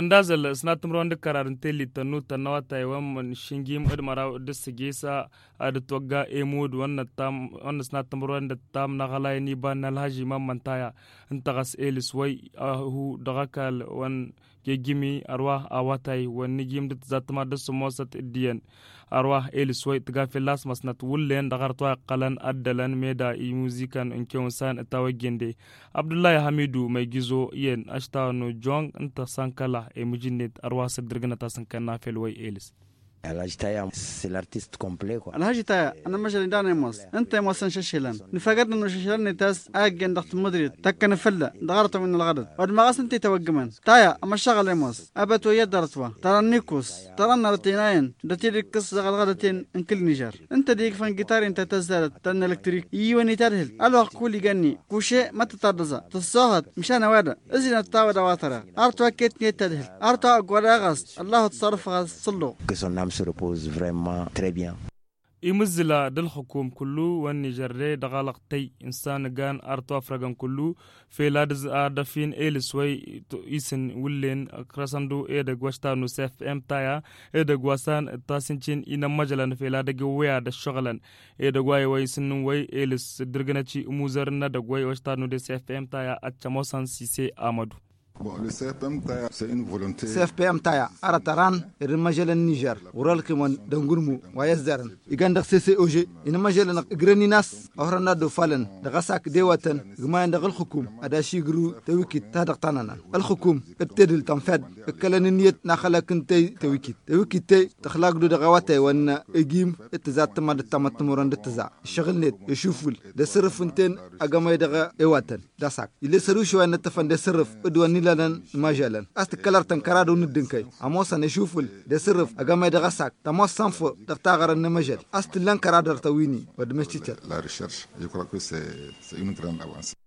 ndazal snatmro wanda kararante litanu tanawa taiwan man shingim idmara da sigesa da togga emod wannan tam suna snatmro wanda tam na galai ni ban alhaji man mantaya intagas elis wai hu dagakal wan gegimi arwa awatai wani gimdit zatma dasu ta diyan arwa ta gafi las masnat wullen dagartwa qalan addalan meda i musikan inkewnsan ta wagende abdullahi hamidu mai gizo yen no jong nta sankala e mujinnet arwa sadirgana ta sankana felwai elis الحاج تايا سي لارتيست كومبلي تايا انا مجال داني موس انت موس نششلان نفقدنا نششلان نتاس اجن ضغط مدريد تك نفلا دغرت من الغرض ود ما غاس انت توقمن تايا اما شغل موس ابتو درتوا ترى نيكوس ترى نرتيناين دتي القص زغل غدتين كل نيجر انت ديك فان جيتار انت تزداد تن الكتريك ايواني ترهل الو قولي جني كوشي ما تتردزا تصاهد مشان وادا ازين التاودا واترا ارتو كيت نيت تدهل ارتو غوراغس الله تصرف غس صلو se repose vraiment très bien. imizila dal hukum kullu wan nijarre tay insan gan arto afragan kullu feladz adafin elisway to isin willen krasandu eda gwashtanu sef taya eda gwasan tasinchin ina majalan felada ge waya da shagalan eda gwaye way sinin way elis dirganaci umuzar na da gwaye washtanu de sef emtaya accamosan sise amadu cfpm taya ara taran irimajelen niger wuralkiman dangurmu wayasdaran igandak ccog inimajelenak igreninas ahrana do falen dakasak dewatan gmayandak alhukum adashigru tawikit tadak tananan alhukum ittedil tanfed ikkalaniyet nakalakintay tawikit tawikittay takhlagdu dakawatay wana egim ittizatama dittamatumuran dittiza ishagilnet ishuful da sirfinten agamay daka ewatan dasak ile sarushuwa natafan da sirf idwanila جلنا ما جلن أستكلر تنكرادو ندنكي أموسا نشوف ده سرف أقام يدغسك تموس سنفو تغتاغر النمجل أستلن كرادر تويني ودمشتيتر لا ريشيرش يقول لك سي سي